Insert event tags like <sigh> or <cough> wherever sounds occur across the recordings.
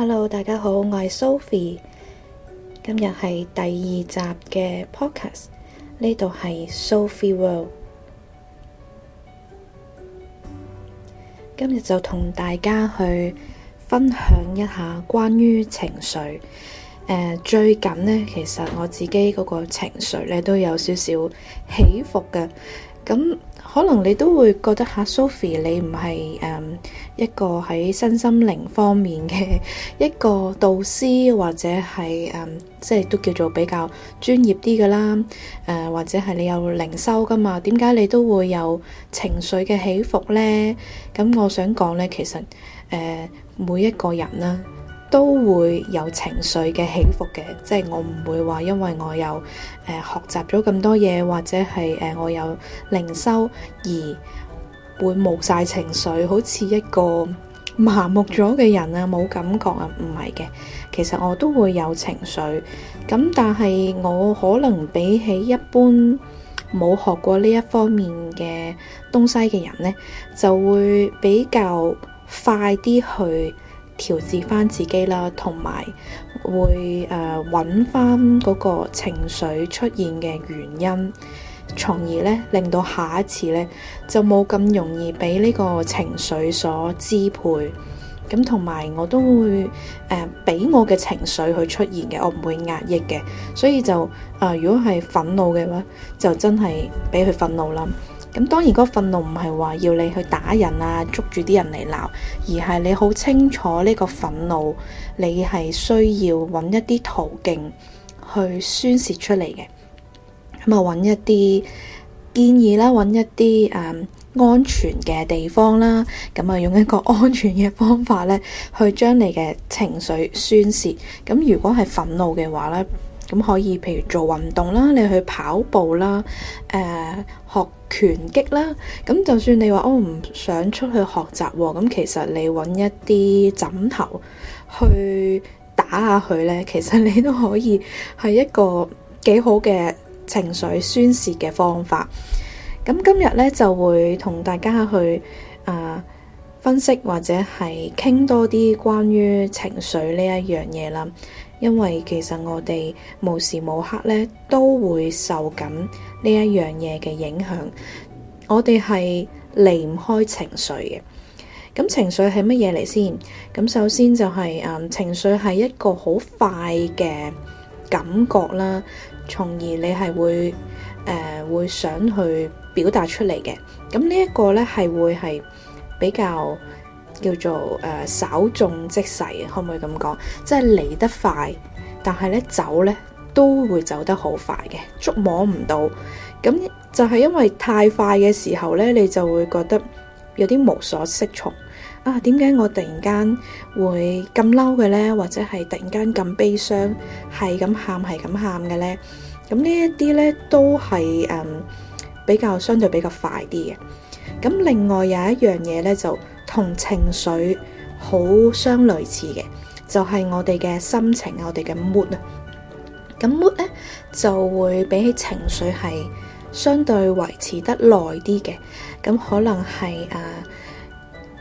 Hello，大家好，我係 Sophie。今日係第二集嘅 Podcast，呢度係 Soul Free World。今日就同大家去分享一下關於情緒。呃，最近呢，其實我自己嗰個情緒咧都有少少起伏嘅，咁，嗯。可能你都會覺得吓 Sophie 你唔係誒一個喺身心靈方面嘅一個導師，或者係誒即係都叫做比較專業啲嘅啦。誒或者係你有靈修噶嘛？點解你都會有情緒嘅起伏呢？咁我想講呢，其實誒、呃、每一個人啦。都會有情緒嘅起伏嘅，即係我唔會話因為我有，呃，學習咗咁多嘢，或者係，呃，我有靈修，而會冇晒情緒，好似一個麻木咗嘅人呀，冇感覺呀，唔係嘅。其實我都會有情緒，咁但係我可能比起一般冇學過呢一方面嘅東西嘅人呢，就會比較快啲去調節翻自己啦，同埋會誒揾翻嗰個情緒出現嘅原因，從而咧令到下一次咧就冇咁容易俾呢個情緒所支配。咁同埋我都會誒俾我嘅情緒去出現嘅，我唔會壓抑嘅。所以就誒、呃，如果係憤怒嘅話，就真係俾佢憤怒啦。咁當然個憤怒唔係話要你去打人啊，捉住啲人嚟鬧，而係你好清楚呢個憤怒，你係需要揾一啲途徑去宣洩出嚟嘅。咁啊揾一啲建議啦，揾一啲、嗯、安全嘅地方啦，咁啊用一個安全嘅方法咧，去將你嘅情緒宣洩。咁如果係憤怒嘅話咧。咁可以，譬如做運動啦，你去跑步啦，誒、呃，學拳擊啦。咁就算你話我唔想出去學習，咁其實你揾一啲枕頭去打下佢呢，其實你都可以係一個幾好嘅情緒宣洩嘅方法。咁今日呢，就會同大家去啊、呃、分析或者係傾多啲關於情緒呢一樣嘢啦。因為其實我哋無時無刻咧都會受緊呢一樣嘢嘅影響，我哋係離唔開情緒嘅。咁情緒係乜嘢嚟先？咁首先就係、是、誒、呃、情緒係一個好快嘅感覺啦，從而你係會誒、呃、會想去表達出嚟嘅。咁呢一個咧係會係比較。叫做誒稍縱即逝嘅，可唔可以咁講？即係嚟得快，但係咧走咧都會走得好快嘅，捉摸唔到。咁就係因為太快嘅時候咧，你就會覺得有啲無所適從啊。點解我突然間會咁嬲嘅咧？或者係突然間咁悲傷，係咁喊係咁喊嘅咧？咁呢一啲咧都係誒比較相對比較快啲嘅。咁另外有一樣嘢咧就。同情緒好相類似嘅，就係、是、我哋嘅心情，我哋嘅 mood 啊。咁 mood 咧就會比起情緒係相對維持得耐啲嘅。咁可能係誒、呃、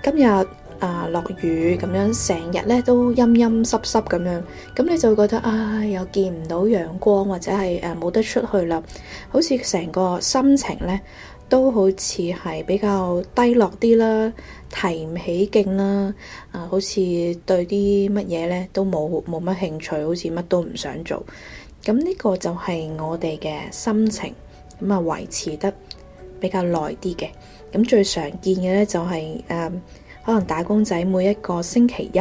今日誒落雨咁樣，成日咧都陰陰濕濕咁樣。咁你就會覺得啊、哎，又見唔到陽光，或者係誒冇得出去啦，好似成個心情咧，都好似係比較低落啲啦，提唔起勁啦，啊、呃，好似對啲乜嘢呢都冇冇乜興趣，好似乜都唔想做。咁呢個就係我哋嘅心情咁，啊、嗯，維持得比較耐啲嘅。咁最常見嘅呢就係、是、誒、呃，可能打工仔每一個星期一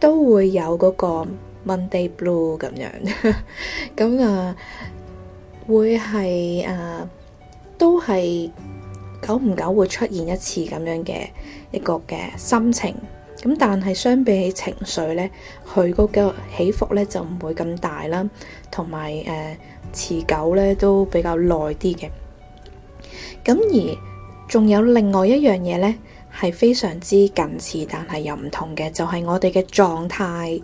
都會有嗰個 Monday Blue 咁樣，咁 <laughs> 啊、嗯呃、會係啊。呃都係久唔久會出現一次咁樣嘅一個嘅心情，咁但係相比起情緒呢，佢嗰個起伏呢就唔會咁大啦，同埋誒持久呢都比較耐啲嘅。咁而仲有另外一樣嘢呢，係非常之近似，但係又唔同嘅，就係我哋嘅狀態。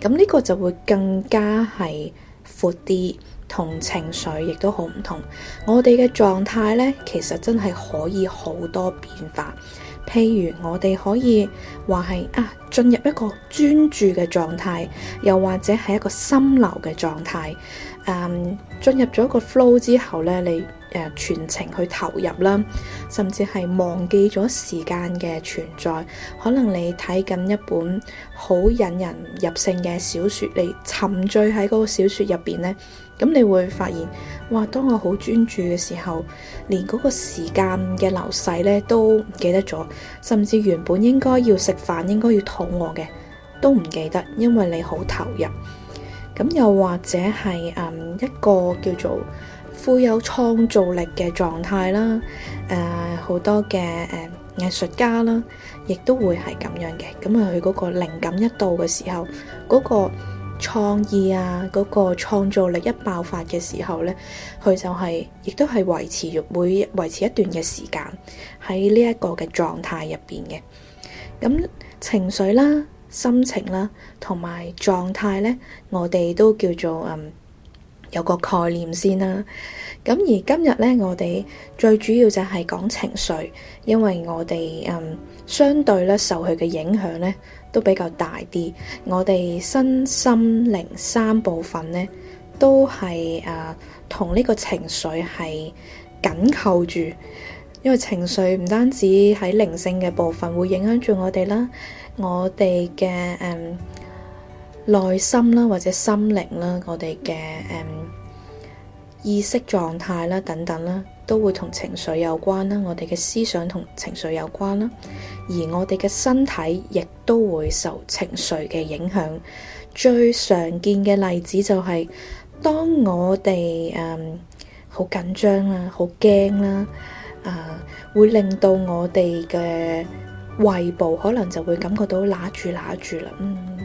咁呢個就會更加係闊啲。同情緒亦都好唔同，我哋嘅狀態呢，其實真係可以好多變化。譬如我哋可以話係啊，進入一個專注嘅狀態，又或者係一個心流嘅狀態。嗯，進入咗一個 flow 之後呢，你誒全程去投入啦，甚至係忘記咗時間嘅存在。可能你睇緊一本好引人入勝嘅小説，你沉醉喺嗰個小説入邊呢，咁你會發現，哇！當我好專注嘅時候，連嗰個時間嘅流逝呢都唔記得咗，甚至原本應該要食飯、應該要肚餓嘅都唔記得，因為你好投入。咁又或者係誒、嗯、一個叫做～富有創造力嘅狀態啦，誒、呃，好多嘅誒藝術家啦，亦都會係咁樣嘅。咁啊，佢嗰個靈感一到嘅時候，嗰、嗰個創意啊，嗰、嗰個創造力一爆發嘅時候呢，佢就係、係，亦都係維持，會維持一段嘅時間喺呢一個嘅狀態入邊嘅。咁情緒啦、啊、心情啦、啊，同埋狀態呢，我哋都叫做嗯。有個概念先啦，咁而今日呢，我哋最主要就係講情緒，因為我哋，嗯，相對咧受佢嘅影響呢都比較大啲。我哋身心靈三部分呢都係啊，同呢個情緒係緊扣住，因為情緒唔單止喺靈性嘅部分會影響住我哋啦，我哋嘅誒。嗯內心啦，或者心靈啦，我哋嘅誒意識狀態啦，等等啦，都會同情緒有關啦。我哋嘅思想同情緒有關啦，而我哋嘅身體亦都會受情緒嘅影響。最常見嘅例子就係、是、當我哋誒好緊張啦，好驚啦，啊，會令到我哋嘅胃部可能就會感覺到揦住揦住啦，嗯。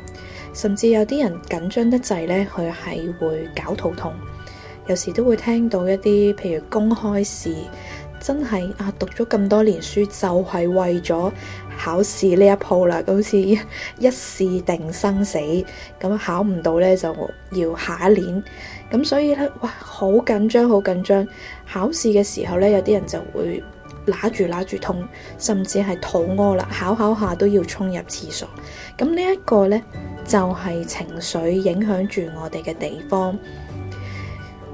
甚至有啲人緊張得滯呢，佢係會搞肚痛。有時都會聽到一啲譬如公開試真係啊，讀咗咁多年書就係為咗考試呢一鋪啦，好似一試定生死咁，考唔到呢，就要下一年。咁所以呢，哇，好緊張，好緊張！考試嘅時候呢，有啲人就會揦住揦住痛，甚至係肚屙啦，考考下都要衝入廁所。咁呢一個呢，就係情緒影響住我哋嘅地方。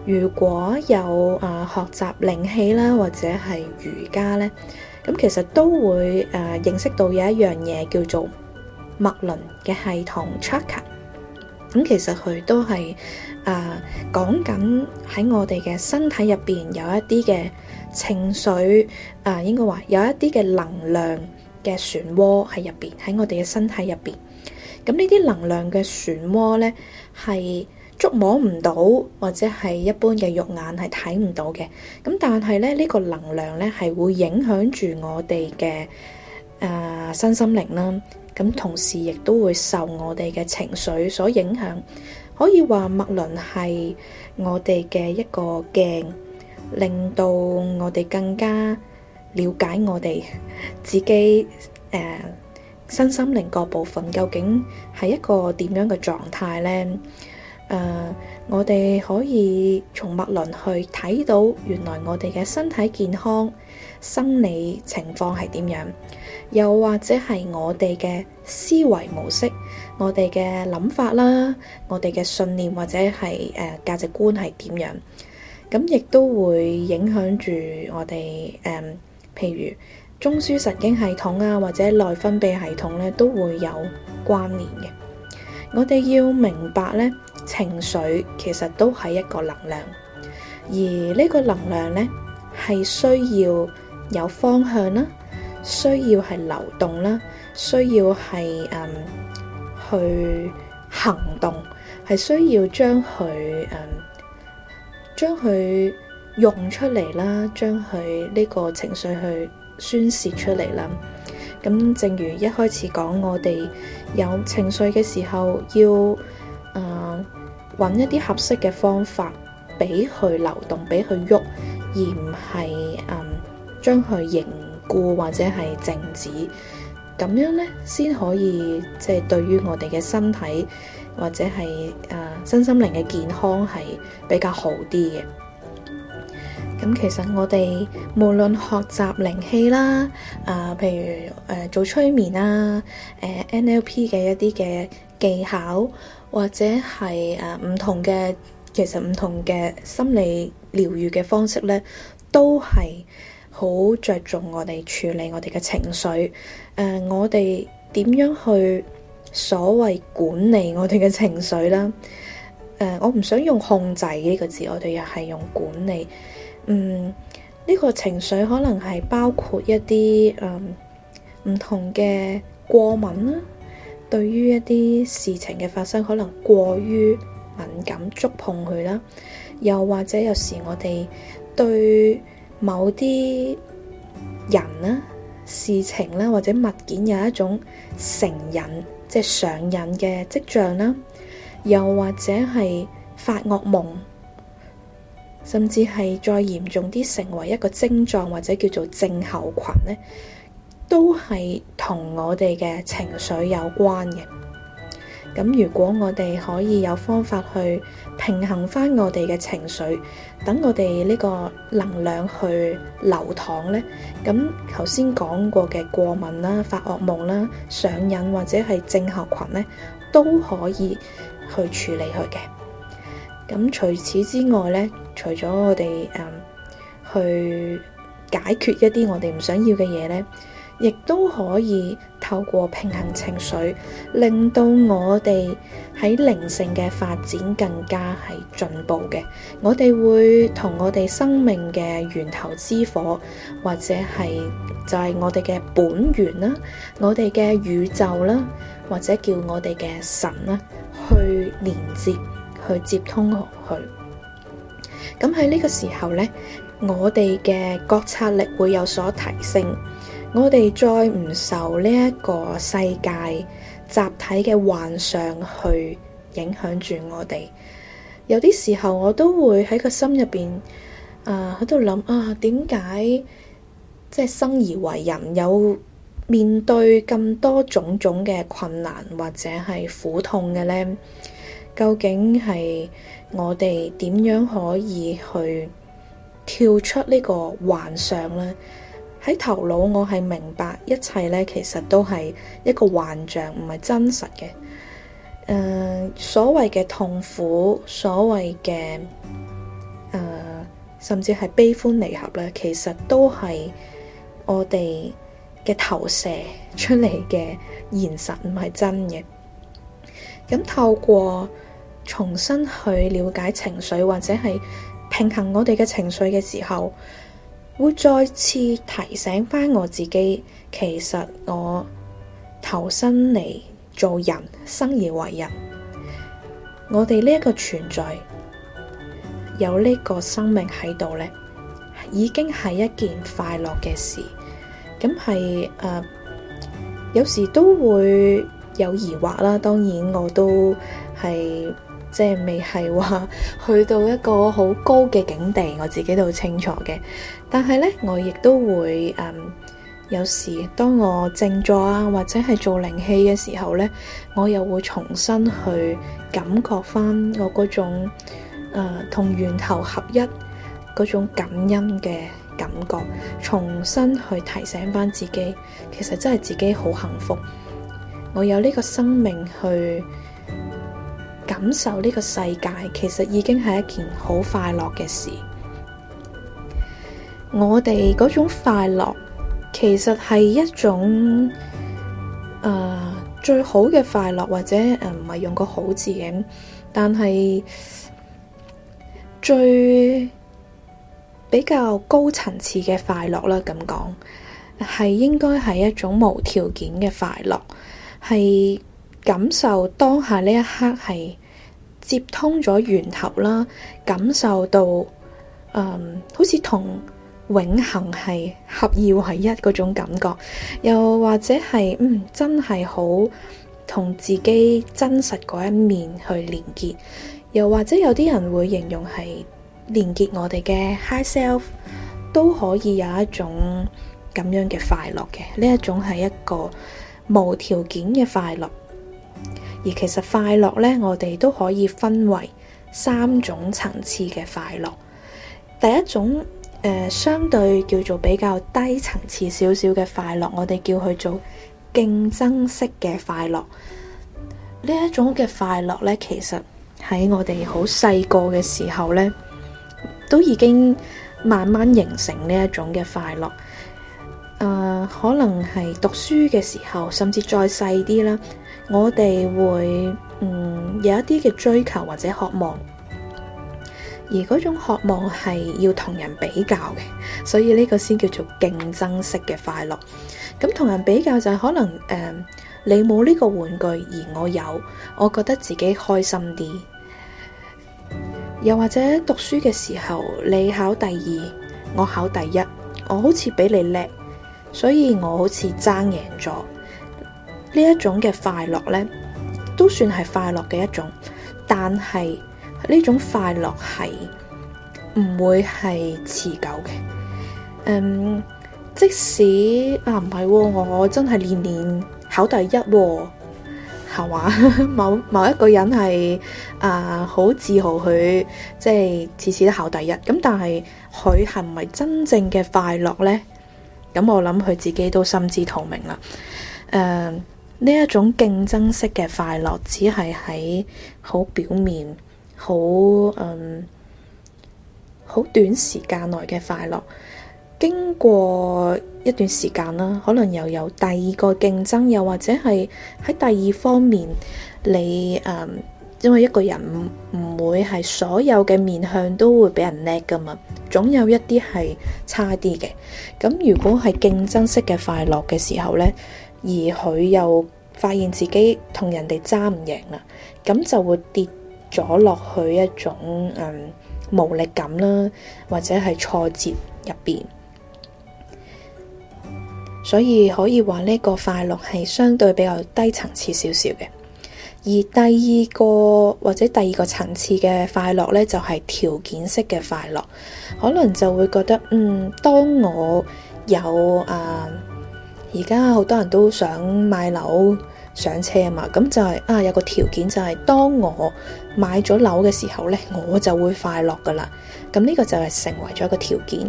如果有誒、呃、學習靈氣啦，或者係瑜伽呢，咁、嗯、其實都會誒、呃、認識到有一樣嘢叫做脈輪嘅系統 Chakra。咁 Ch、嗯、其實佢都係誒講緊喺我哋嘅身體入邊有一啲嘅情緒，誒、呃、應該話有一啲嘅能量嘅漩渦喺入邊，喺我哋嘅身體入邊。咁呢啲能量嘅漩渦咧，係捉摸唔到，或者係一般嘅肉眼係睇唔到嘅。咁但係咧，呢個能量咧，係會影響住我哋嘅誒身心靈啦。咁、啊、同時亦都會受我哋嘅情緒所影響。可以話脈輪係我哋嘅一個鏡，令到我哋更加了解我哋自己誒。呃身心靈各部分究竟係一個點樣嘅狀態呢？誒, uh, 我哋可以從脈輪去睇到，原來我哋嘅身體健康、生理情況係點樣，又或者係我哋嘅思維模式、我哋嘅諗法啦，我哋嘅信念或者係誒, uh, 價值觀係點樣，咁亦都會影響住我哋誒，um, 譬如。中樞神經系統啊，或者內分泌系統呢，都會有關聯嘅。我哋要明白呢，情緒其實都係一個能量，而呢個能量呢，係需要有方向啦，需要係流動啦，需要係呃去行動，係需要將佢，將佢用出嚟啦，將佢呢個情緒去宣泄出嚟啦！咁正如一開始講，我哋有情緒嘅時候，要誒揾、呃、一啲合適嘅方法，俾佢流動，俾佢喐，而唔係誒將佢凝固或者係靜止。咁樣呢，先可以即係、就是、對於我哋嘅身體或者係誒、呃、身心靈嘅健康係比較好啲嘅。咁其實我哋無論學習靈氣啦，誒、呃，譬如誒做催眠啦，誒、呃、NLP 嘅一啲嘅技巧，或者係誒唔同嘅，其實唔同嘅心理療愈嘅方式咧，都係好着重,我哋處理我哋嘅情緒。誒、呃，我哋點樣去所謂管理我哋嘅情緒啦？誒、呃，我唔想用控制呢個字，我哋又係用管理。嗯，呢個情緒可能係包括一啲嗯唔同嘅過敏啦，對於一啲事情嘅發生可能過於敏感觸碰佢啦，又或者有時我哋對某啲人啦、事情啦或者物件有一種成癮，即係上癮嘅跡象啦，又或者係發噩夢。甚至係再嚴重啲，成為一個症狀或者叫做症候群呢，都係同我哋嘅情緒有關嘅。咁如果我哋可以有方法去平衡返我哋嘅情緒，等我哋呢個能量去流淌呢，咁頭先講過嘅過敏啦、發噩夢啦、上癮或者係症候群呢，都可以去處理佢嘅。咁除此之外咧，除咗我哋誒、嗯、去解決一啲我哋唔想要嘅嘢咧，亦都可以透過平衡情緒，令到我哋喺靈性嘅發展更加係進步嘅。我哋會同我哋生命嘅源頭之火，或者係就係、是、我哋嘅本源啦，我哋嘅宇宙啦，或者叫我哋嘅神啦，去連接。去接通去，咁喺呢個時候呢，我哋嘅覺察力會有所提升，我哋再唔受呢一個世界集體嘅幻象去影響住我哋。有啲時候我都會喺個心入邊、呃，啊喺度諗啊，點解即係生而為人，有面對咁多種種嘅困難或者係苦痛嘅呢？」究竟係我哋點樣可以去跳出呢個幻想呢？喺頭腦，我係明白一切呢，其實都係一個幻象，唔係真實嘅。誒、呃，所謂嘅痛苦，所謂嘅誒、呃，甚至係悲歡離合咧，其實都係我哋嘅投射出嚟嘅現實，唔係真嘅。咁透過，重新去了解情緒或者係平衡我哋嘅情緒嘅時候，會再次提醒翻我自己，其實我投身嚟做人，生而為人，我哋呢一個存在有呢個生命喺度呢已經係一件快樂嘅事。咁係誒，有時都會有疑惑啦。當然我都係。即係未係話去到一個好高嘅境地，我自己都清楚嘅。但係呢，我亦都會誒、嗯，有時當我靜坐啊，或者係做靈氣嘅時候呢，我又會重新去感覺翻我嗰種誒同、呃、源頭合一嗰種感恩嘅感覺，重新去提醒翻自己，其實真係自己好幸福，我有呢個生命去。感受呢個世界，其實已經係一件好快樂嘅事。我哋嗰種快樂，其實係一種誒、呃、最好嘅快樂，或者唔係、呃、用個好字嘅，但係最比較高層次嘅快樂啦。咁講係應該係一種無條件嘅快樂，係感受當下呢一刻係。接通咗源頭啦，感受到，嗯，好似同永恆係合二為一嗰種感覺，又或者係嗯真係好同自己真實嗰一面去連結，又或者有啲人會形容係連結我哋嘅 high self，都可以有一種咁樣嘅快樂嘅，呢一種係一個無條件嘅快樂。而其實快樂咧，我哋都可以分為三種層次嘅快樂。第一種誒、呃，相對叫做比較低層次少少嘅快樂，我哋叫佢做競爭式嘅快，快樂。呢一種嘅快樂咧，其實喺我哋好細個嘅時候咧，都已經慢慢形成呢一種嘅快樂。誒、呃，可能係讀書嘅時候，甚至再細啲啦。我哋會，嗯，有一啲嘅追求或者渴望，而嗰種渴望係要同人比較嘅，所以呢個先叫做競爭式嘅快樂。咁同人比較就係可能誒、呃，你冇呢個玩具而我有，我覺得自己開心啲。又或者讀書嘅時候，你考第二，我考第一，我好似比你叻，所以我好似爭贏咗。呢一種嘅快樂呢，都算係快樂嘅一種，但係呢種快樂係唔會係持久嘅、嗯。即使啊唔係、喎，我真係年年考第一、喎，係嘛？ <laughs> 某某一個人係啊好自豪佢，即係次次都考第一，咁但係佢係唔係真正嘅快樂呢？咁我諗佢自己都心知肚明啦。誒、嗯。呢一種競爭式嘅快樂，只係喺好表面、好嗯、好短時間內嘅快樂。經過一段時間啦，可能又有第二個競爭，又或者係喺第二方面，你誒、嗯，因為一個人唔唔會係所有嘅面向都會畀人叻㗎嘛，總有一啲係差啲嘅。咁如果係競爭式嘅快樂嘅時候呢，而佢又發現自己同人哋爭唔贏啦，咁就會跌咗落去一種嗯無力感啦，或者係挫折入邊。所以可以話呢個快樂係相對比較低層次少少嘅。而第二個或者第二個層次嘅快樂呢，就係條件式嘅快樂，可能就會覺得嗯，當我有啊。而家好多人都想買樓上車啊嘛，咁就係、是、啊有個條件就係、是、當我買咗樓嘅時候呢，我就會快樂㗎喇。咁呢個就係成為咗一個條件。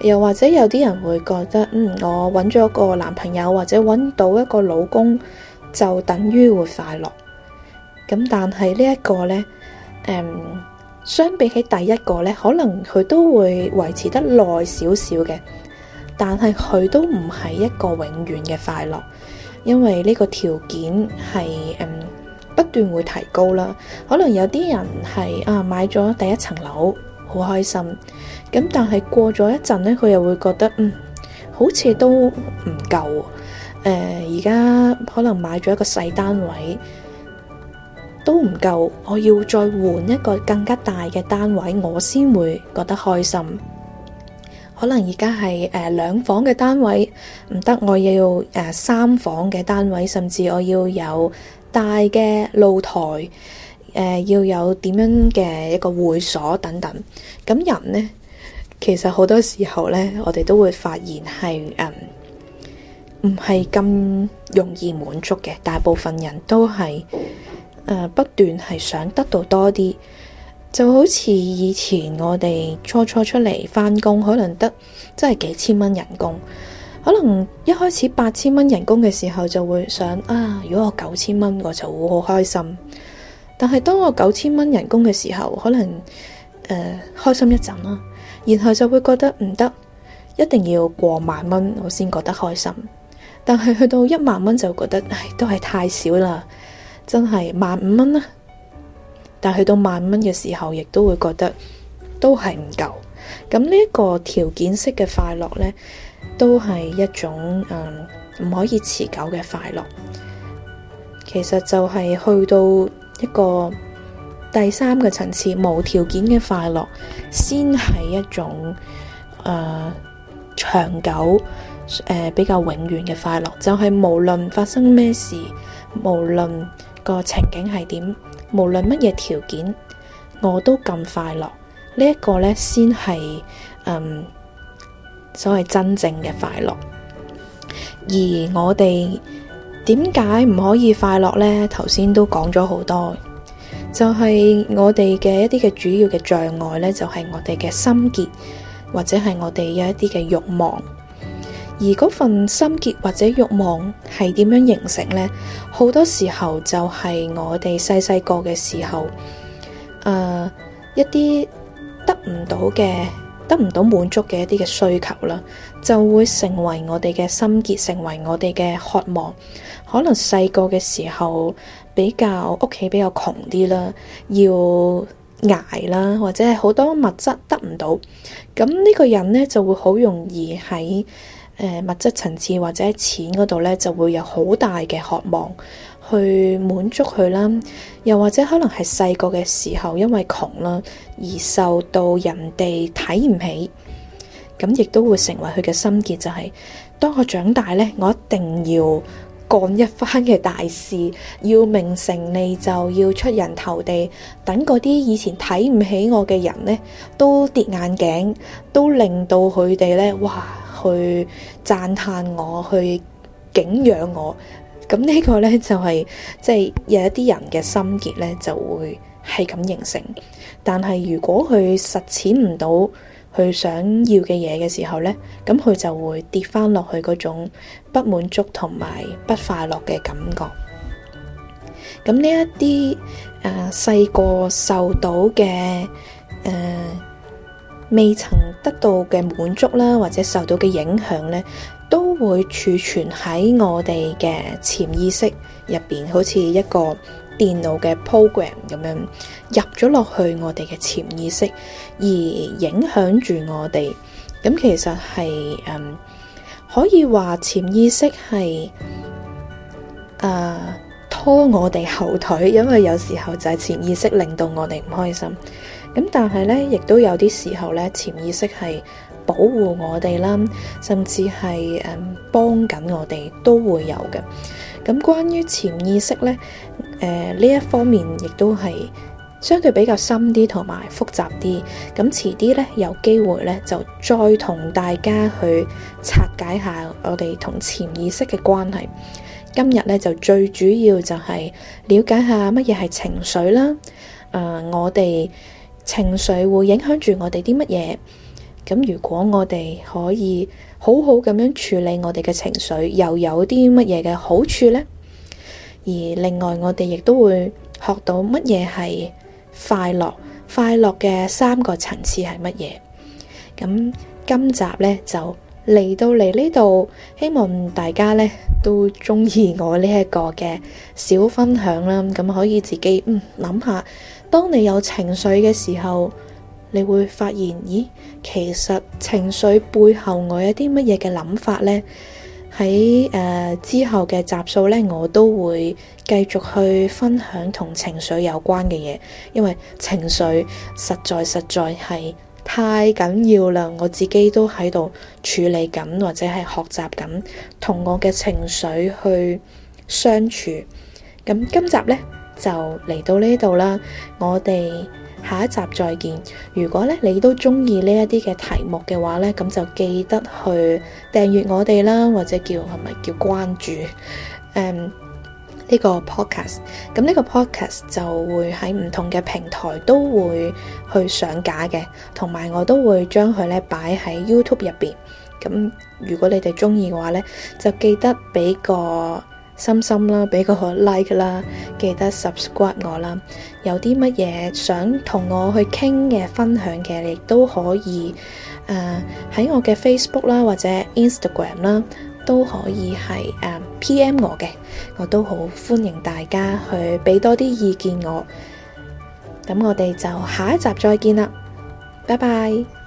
又或者有啲人會覺得，嗯，我搵咗個男朋友或者搵到一個老公就等於會快樂。咁但係呢一個呢，誒、嗯，相比起第一個呢，可能佢都會維持得耐少少嘅。但係佢都唔係一個永遠嘅快樂，因為呢個條件係、嗯、不斷會提高啦。可能有啲人係啊買咗第一層樓好開心，咁但係過咗一陣呢，佢又會覺得嗯好似都唔夠。誒而家可能買咗一個細單位都唔夠，我要再換一個更加大嘅單位，我先會覺得開心。可能而家係誒兩房嘅單位唔得，我要誒、呃、三房嘅單位，甚至我要有大嘅露台，誒、呃、要有點樣嘅一個會所等等。咁人呢，其實好多時候呢，我哋都會發現係誒唔係咁容易滿足嘅，大部分人都係誒、呃、不斷係想得到多啲。就好似以前我哋初初出嚟返工，可能得真係幾千蚊人工，可能一開始八千蚊人工嘅時候就會想啊，如果我九千蚊我就好開心。但係當我九千蚊人工嘅時候，可能誒、呃、開心一陣啦，然後就會覺得唔得，一定要過萬蚊我先覺得開心。但係去到一萬蚊就覺得唉，都係太少啦，真係萬五蚊啦。1, 但去到萬蚊嘅時候，亦都會覺得都係唔夠。咁呢一個條件式嘅快樂呢，都係一種誒唔、呃、可以持久嘅快樂。其實就係去到一個第三個層次，無條件嘅快樂，先係一種誒、呃、長久誒、呃、比較永遠嘅快樂。就係、是、無論發生咩事，無論個情景係點。無論乜嘢條件，我都咁快樂，這個、呢一個咧先係嗯所謂真正嘅快樂。而我哋點解唔可以快樂咧？頭先都講咗好多，就係、是、我哋嘅一啲嘅主要嘅障礙咧，就係、是、我哋嘅心結，或者係我哋有一啲嘅慾望。而嗰份心結或者欲望係點樣形成呢？好多時候就係我哋細細個嘅時候，誒、呃，一啲得唔到嘅，得唔到滿足嘅一啲嘅需求啦，就會成為我哋嘅心結，成為我哋嘅渴望。可能細個嘅時候比較屋企比較窮啲啦，要捱啦，或者係好多物質得唔到，咁呢個人呢就會好容易喺。誒物質層次或者錢嗰度呢，就會有好大嘅渴望去滿足佢啦。又或者可能係細個嘅時候，因為窮啦而受到人哋睇唔起，咁亦都會成為佢嘅心結，就係，就係當我長大呢，我一定要幹一番嘅大事，要名成利就，要出人頭地，等嗰啲以前睇唔起我嘅人呢，都跌眼鏡，都令到佢哋呢，哇！去讚嘆我，去景仰我，咁呢個呢，就係即係有一啲人嘅心結呢，就會係咁形成。但係如果佢實踐唔到佢想要嘅嘢嘅時候呢，咁佢就會跌翻落去嗰種不滿足同埋不快樂嘅感覺。咁呢一啲誒細個受到嘅誒。呃未曾得到嘅滿足啦，或者受到嘅影響呢，都會儲存喺我哋嘅潛意識入邊，好似一個電腦嘅 program 咁樣入咗落去我哋嘅潛意識，而影響住我哋。咁其實係、um, 可以話潛意識係、uh, 拖我哋後腿，因為有時候就係潛意識令到我哋唔開心。咁但係咧，亦都有啲時候咧，潛意識係保護我哋啦，甚至係誒幫緊我哋都會有嘅。咁關於潛意識咧，誒呢一方面亦都係相對比較深啲同埋複雜啲。咁遲啲咧有機會咧就再同大家去拆解下我哋同潛意識嘅關係。今日咧就最主要就係了解下乜嘢係情緒啦。誒，我哋。情緒會影響住我哋啲乜嘢？咁如果我哋可以好好咁樣處理我哋嘅情緒，又有啲乜嘢嘅好處呢？而另外我哋亦都會學到乜嘢係快樂？快樂嘅三個層次係乜嘢？咁今集呢就。嚟到嚟呢度，希望大家呢都中意我呢一個嘅小分享啦。咁可以自己諗下，嗯，當你有情緒嘅時候，你會發現，咦，其實情緒背後我有啲乜嘢嘅諗法呢？喺誒、呃、之後嘅集數呢，我都會繼續去分享同情緒有關嘅嘢，因為情緒實在實在係。太緊要啦！我自己都喺度處理緊，或者係學習緊，同我嘅情緒去相處。咁今集呢，就嚟到呢度啦，我哋下一集再見。如果咧你都中意呢一啲嘅題目嘅話呢，咁就記得去訂閱我哋啦，或者叫，係咪叫關注？Um, 呢個 podcast，咁呢個 podcast 就會喺唔同嘅平台都會去上架嘅，同埋我都會將佢咧擺喺 YouTube 入邊。咁如果你哋中意嘅話咧，就記得俾個心心啦，俾個 like 啦，記得 subscribe 我啦。有啲乜嘢想同我去傾嘅、分享嘅，你都可以誒喺、呃、我嘅 Facebook 啦，或者 Instagram 啦。都可以係 PM 我嘅，我都好歡迎大家去俾多啲意見我，咁我哋就下一集再見啦，拜拜。